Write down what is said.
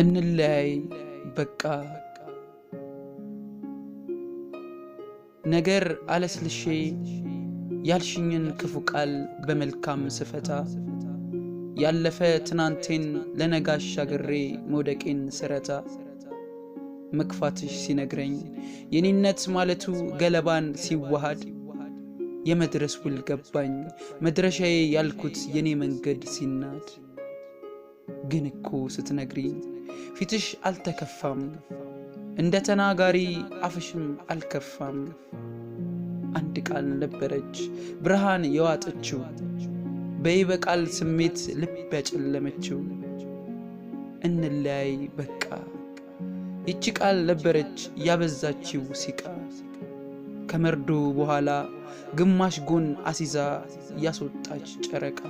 እንለያይ በቃ ነገር አለስልሼ ያልሽኝን ክፉ ቃል በመልካም ስፈታ ያለፈ ትናንቴን ለነጋሽ አገሬ መውደቄን ስረታ መክፋትሽ ሲነግረኝ የኔነት ማለቱ ገለባን ሲዋሃድ የመድረስ ውል ገባኝ መድረሻዬ ያልኩት የኔ መንገድ ሲናድ ግን እኮ ስትነግሪኝ ፊትሽ አልተከፋም፣ እንደ ተናጋሪ አፍሽም አልከፋም። አንድ ቃል ነበረች ብርሃን የዋጠችው በይበቃል ስሜት ልብ ያጨለመችው። እንለያይ በቃ ይቺ ቃል ነበረች ያበዛችው ሲቃ ከመርዶ በኋላ ግማሽ ጎን አሲዛ ያስወጣች ጨረቃ